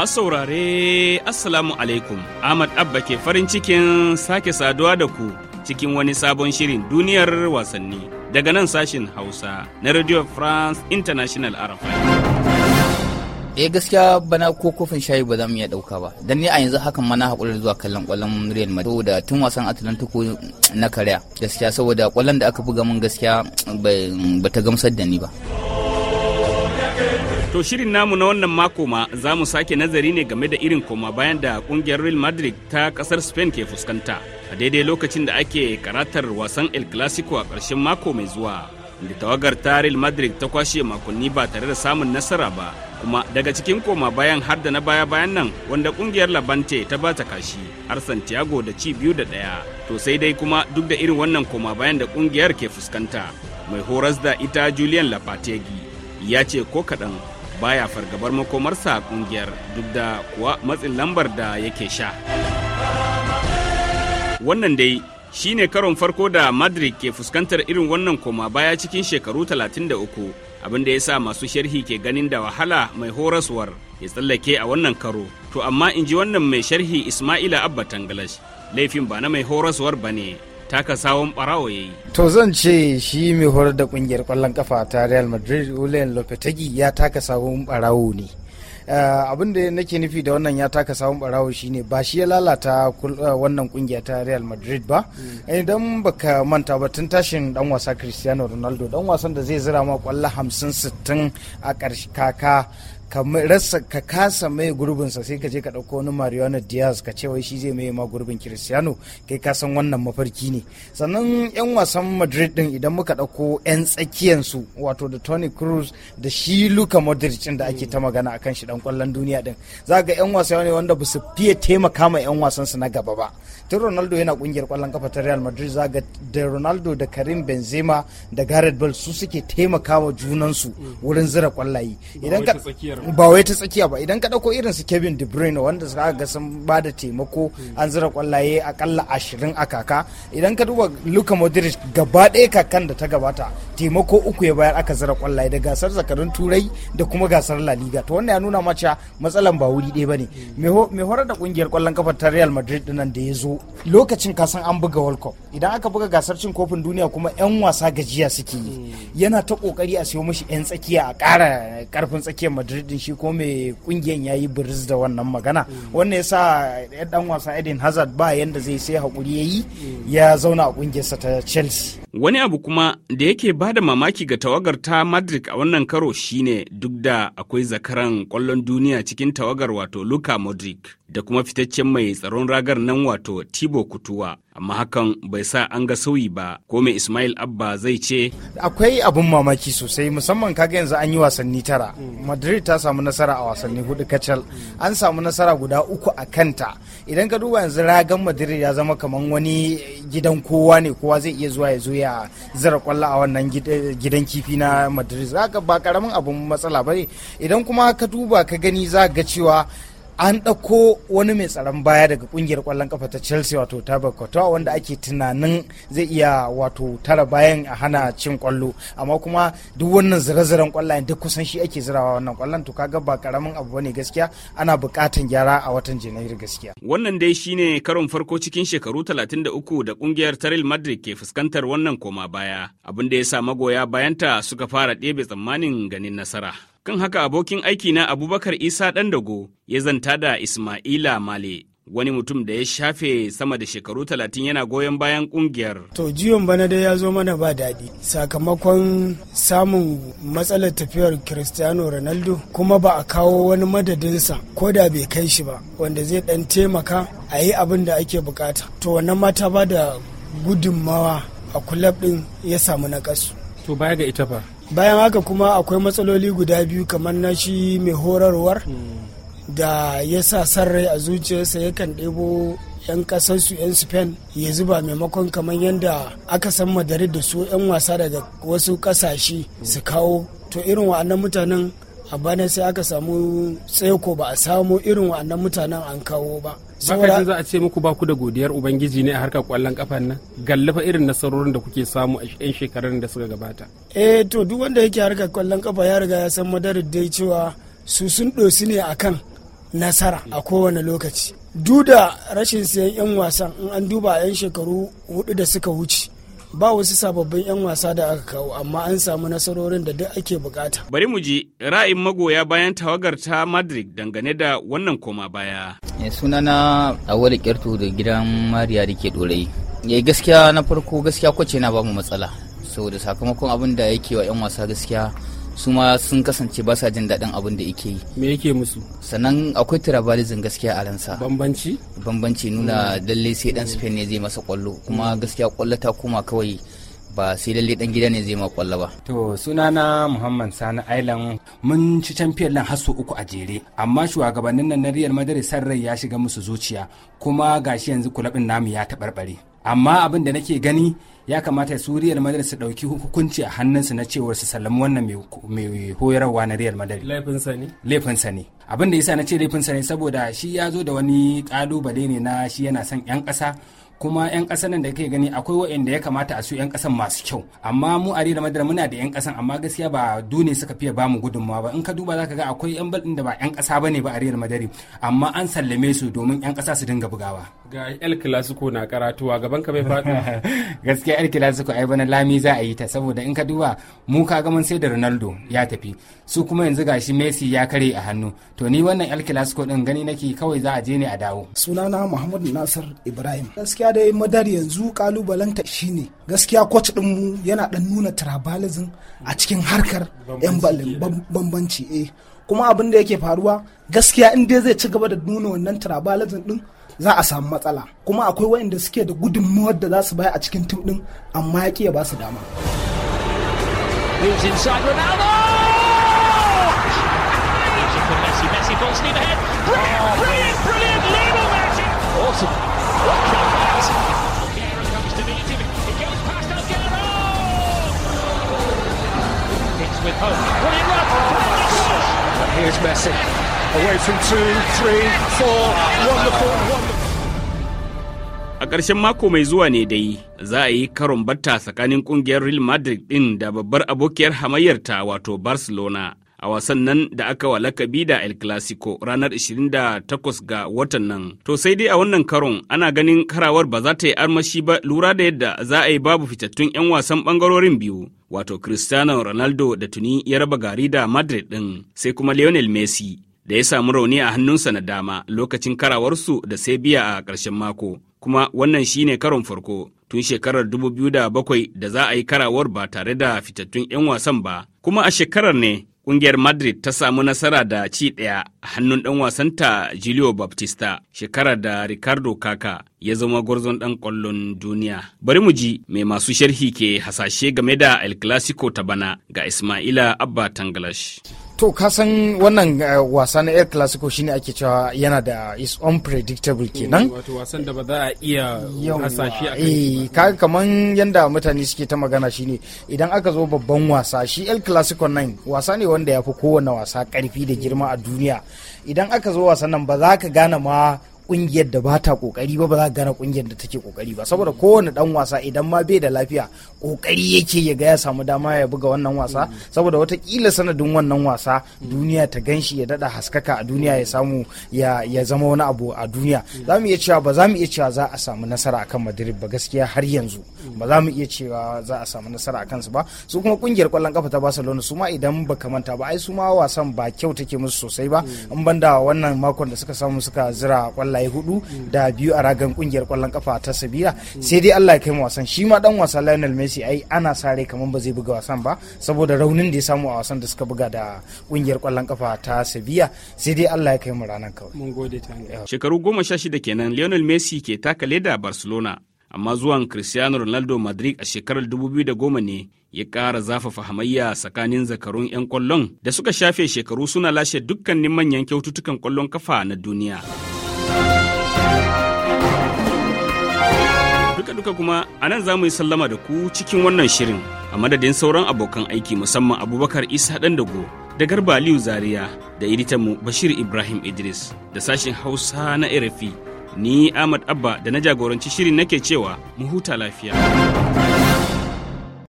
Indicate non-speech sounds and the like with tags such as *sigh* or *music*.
Masu saurare Assalamu alaikum Ahmad Abba ke farin cikin sake saduwa da ku cikin wani sabon shirin duniyar wasanni daga nan sashin Hausa na Radio France International Arafai. eh gaskiya bana ko kofin shayi ba za mu iya dauka ba dan ni a yanzu hakan mana hakurin zuwa kallon kwallon Real Madrid saboda tun wasan Atlantico na karya gaskiya saboda kwallon da aka buga mun gaskiya ba ta gamsar da ni ba To shirin namu na wannan mako ma za mu sake nazari ne game da irin koma bayan da kungiyar Real Madrid ta kasar Spain ke fuskanta a daidai lokacin da ake karatar wasan El Clasico a ƙarshen mako mai zuwa. Da tawagar ta Real Madrid ta kwashe makonni ba tare da samun nasara ba, kuma daga cikin koma bayan har da na baya bayan nan wanda kungiyar Labante ta bata kashi har Santiago da ci biyu da ɗaya. To sai dai kuma duk da irin wannan koma bayan da kungiyar ke fuskanta, mai horas da ita Julian Lapategi ya ce ko kaɗan baya fargabar makomarsa a kungiyar duk da kuwa matsin lambar da yake sha wannan dai shi ne karon farko da madrid ke fuskantar irin wannan koma baya cikin shekaru 33 abinda ya sa masu sharhi ke ganin da wahala mai horaswar ya tsallake a wannan karo to amma in ji wannan mai sharhi ismaila abba tangalash laifin ba na mai horaswar ba ne taka sawon barawo ya yi. To zan ce shi mai horar da kungiyar kwallon kafa ta Real Madrid Julian Lopetegui ya taka sawon barawo ne. Ah, abin da nake nufi da wannan ya taka sawon barawo shine ba shi ya lalata ah, wannan kungiya ta real madrid ba mm. idan baka manta ba tun tashin dan wasa cristiano ronaldo dan wasan da zai zira ma kwallo hamsin sittin a kaka ka rasa ka kasa mai gurbinsa sai ka je ka ɗauko wani mariana diaz ka ce wai shi zai mai ma gurbin cristiano kai ka san wannan mafarki ne sannan yan wasan madrid din idan muka ɗauko yan tsakiyan su wato da tony cruz da shi luka modric da ake ta magana akan shi dan kwallon duniya din za ga yan wasa ne wanda ba su fiye taimaka ma yan wasan su na gaba ba tun ronaldo yana kungiyar kwallon kafa ta real madrid za ga da ronaldo da karim benzema da gareth bale su suke taimaka wa junansu wurin zira kwallaye idan ka ba wai ta tsakiya ba idan ka dauko irin su Kevin De Bruyne wanda za ga sun ba da taimako an zira kwallaye akalla 20 a kaka idan ka duba Luka Modric gaba daya kakan da ta gabata taimako uku ya bayar aka zira kwallaye da gasar zakarun turai da kuma gasar La Liga to wannan ya nuna ma cewa matsalan ba wuri ɗaya bane mai horar da kungiyar kwallon kafa ta Real Madrid dinan da ya zo lokacin ka san an buga World Cup idan aka buga gasar cin kofin duniya kuma 'yan wasa gajiya suke yi yana ta kokari a siyo mashi 'yan tsakiya a ƙara karfin tsakiyar Madrid din shi ko mai kungiyan yayi biris da wannan magana wannan yasa dan wasa Eden Hazard ba yanda zai sai hakuri yayi ya zauna a kungiyarsa ta Chelsea wani abu kuma da yake ba da mamaki ga tawagar ta Madrid a wannan karo shine duk da akwai zakaran kwallon duniya cikin tawagar wato Luka Modric da kuma fitaccen mai tsaron ragar nan wato Tibo Kutuwa. Amma hakan bai sa an ga sauyi ba ko mai Ismail Abba zai ce. Akwai abin mamaki sosai musamman kaga yanzu an yi wasanni tara. Madrid ta samu nasara a wasanni hudu kacal. An samu nasara guda uku a kanta. Idan ka duba yanzu ragan Madrid ya zama kamar wani gidan kowa ne kowa zai iya zuwa ya zo ya zira kwallo a wannan gidan kifi na Madrid. Zaka ba karamin abin matsala bane. Idan kuma ka duba ka gani za ga cewa an ɗauko wani mai tsaron baya daga kungiyar ƙwallon kafa ta chelsea wato tabar kotawa wanda ake tunanin zai iya wato tara bayan a hana cin ƙwallo amma kuma duk wannan zira-ziran ƙwallon duk kusan shi ake zirawa wannan ƙwallon to kaga ba karamin abu bane gaskiya ana buƙatan gyara a watan janairu gaskiya wannan dai shine karon farko cikin shekaru 33 da kungiyar ta real madrid ke fuskantar wannan koma baya abin da ya sa magoya bayanta suka fara ɗebe tsammanin ganin nasara Kan haka abokin aikina Abubakar Isa dago ya zanta da Ismaila Male. Wani mutum da ya shafe sama da shekaru talatin yana goyon bayan kungiyar. To jiyon bana da ya zo mana ba daɗi sakamakon samun matsalar tafiyar Cristiano Ronaldo kuma ba a kawo wani madadinsa ko da bai kai shi ba wanda zai ɗan taimaka a yi abin da ake bukata. To wannan mata ba da gudunmawa a kulab ɗin ya samu na To baya ga ita ba. bayan haka kuma akwai matsaloli guda biyu kamar na shi mai horarwar da ya sa san rai a zuciyarsa yakan ɗebo 'yan ƙasarsu 'yan spain ya zuba maimakon kamar yadda aka san madarid da su 'yan wasa daga wasu ƙasashe su kawo to irin wa'annan mutanen amma nan sai aka samu tseko ba a samu irin wa'annan mutanen an kawo ba saboda za a ce muku ba ku da godiyar ubangiji ne a harkar kwallon kafan nan gallafa irin nasarorin da kuke samu a yan shekarun da suka gabata eh to duk wanda yake harkar kwallon kafa ya riga ya san madarar dai cewa su sun dosi ne akan nasara a kowane lokaci duda rashin siyan 'yan wasan in an duba 'yan shekaru hudu da suka wuce ba wasu sababbin 'yan wasa da aka kawo amma an samu nasarorin da duk ake bukata. Bari mu ji ra'ayin magoya bayan tawagar ta Madrid dangane da wannan koma baya. Eh, suna na Awali Kyartu da gidan Mariya da ke Dorayi. Ya eh, gaskiya na farko gaskiya kwace na ba mu matsala. Saboda sakamakon abin da yake wa 'yan wasa gaskiya su sun kasance ba sa jin daɗin abin da yake yi me yake musu sannan akwai tribalism gaskiya a ransa bambanci bambanci nuna hmm. lalle sai dan spain ne zai masa kwallo kuma hmm. gaskiya kwallo ta koma kawai ba sai lalle dan gida ne zai ma kwallo ba. To sunana Muhammad Sani Island mun ci champion nan hasso uku a jere amma shugabannin nan na Real Madrid san rai ya shiga musu zuciya kuma gashi yanzu kulabin namu ya taɓarɓare. amma abin da nake gani ya kamata su Real Madrid su dauki hukunci a hannunsu na cewar su sallami wannan mai hoyarwa na Real Madrid. laifin sani laifin sani Abin da yasa na ce laifin sani saboda shi ya zo da wani kalubale ne na shi yana son 'yan kasa. kuma 'yan ƙasar nan da kake gani akwai waɗanda ya kamata a su 'yan ƙasar masu kyau amma mu a da madara muna da 'yan ƙasan amma gaskiya ba dune suka fiye bamu gudunmawa ba in ka duba za ka ga akwai 'yan baldin da ba 'yan ƙasa ba ne ba a riyar madari amma an sallame su domin 'yan ƙasa su dinga bugawa. ga el clasico na karatuwa gaban ka bai faɗi. *laughs* gaskiya el clasico ai bana lami za a yi ta saboda in ka duba mu ka ga mun sai da ronaldo ya tafi su kuma yanzu gashi messi ya kare a hannu to ni wannan el clasico din gani nake kawai za a je ne a dawo. sunana muhammadu nasir ibrahim gaskiya dai madar yanzu kalubalanta shine gaskiya coach ɗinmu mu yana dan nuna tribalism a cikin harkar yan bambanci eh kuma abin da yake faruwa gaskiya in dai zai ci gaba da nuna wannan tribalism ɗin za a samu matsala kuma akwai waɗanda suke da gudunmuwar da za su baya a cikin tim din amma ya ya ba su dama Messi, Messi. Away from two, three, four, wonderful, wonderful. A ƙarshen mako mai zuwa ne dai za a yi karon batta tsakanin ƙungiyar Real Madrid ɗin da babbar abokiyar hamayyarta wato Barcelona. a wasan nan da aka wa lakabi da El Clasico ranar 28 ga watan nan. To sai dai a wannan karon ana ganin karawar ba za ta yi armashi ba lura da yadda za a yi babu fitattun 'yan wasan bangarorin biyu. Wato Cristiano Ronaldo da tuni ya raba gari da Madrid ɗin sai kuma Lionel Messi da ya samu rauni a hannunsa na dama lokacin karawarsu da biya a ƙarshen mako. Kuma wannan shi ne karon farko tun shekarar 2007 da za a yi karawar ba tare da fitattun 'yan wasan ba. Kuma a shekarar ne kungiyar Madrid ta samu nasara da ci ɗaya a hannun ɗan wasanta Julio Baptista shekarar da Ricardo Kaka ya zama gwarzon ɗan ƙwallon duniya. Bari mu ji mai masu sharhi ke hasashe game da El Clasico ta bana ga Ismaila Abba Tangalash. to kasan wannan eh, wasa na el classico shine ake cewa yana da is unpredictable eh, kenan wato wasan da ba za a iya a kai eh, kaga kaman yanda mutane suke ta magana shine idan aka zo babban wasa shi el classico nan wasa ne wanda ya fi kowane wasa karfi da girma a duniya idan aka zo wasan nan ba za ka gane ma kungiyar da ba ta kokari ba ba za gana kungiyar da take kokari ba saboda kowane dan wasa idan ma bai da lafiya kokari yake ya ga ya samu dama ya buga wannan wasa saboda wata kila sanadin wannan wasa duniya ta ganshi ya dada haskaka a duniya ya samu ya zama wani abu a duniya za mu iya cewa ba za mu iya cewa za a samu nasara akan Madrid ba gaskiya har yanzu ba za mu iya cewa za a samu nasara akan su ba su kuma kungiyar kwallon kafa ta Barcelona su ma idan ba kamanta ba ai su ma wasan ba kyau take musu sosai ba in banda wannan makon da suka samu suka zira kwallaye ya hudu da biyu a ragan kungiyar kwallon kafa ta Sabira sai dai Allah ya kai mu wasan shi ma dan wasa Lionel Messi ai ana sare kaman ba zai buga wasan ba saboda raunin da ya samu a wasan da suka buga da kungiyar kwallon kafa ta Sabira sai dai Allah ya kai mu ranan kawai mun gode ta shekaru goma sha shida kenan Lionel Messi ke taka leda Barcelona amma zuwan Cristiano Ronaldo Madrid a shekarar 2010 ne ya ƙara zafafa hamayya tsakanin zakarun 'yan kwallon da suka shafe shekaru suna lashe dukkanin manyan kyaututtukan kwallon kafa na duniya. duka-duka kuma a nan za mu yi sallama da ku cikin wannan shirin a madadin sauran abokan aiki musamman abubakar isa dandago da garba aliyu zaria da mu bashir ibrahim idris da sashen hausa na rfi ni ahmad abba da na jagoranci shirin nake cewa mu huta lafiya.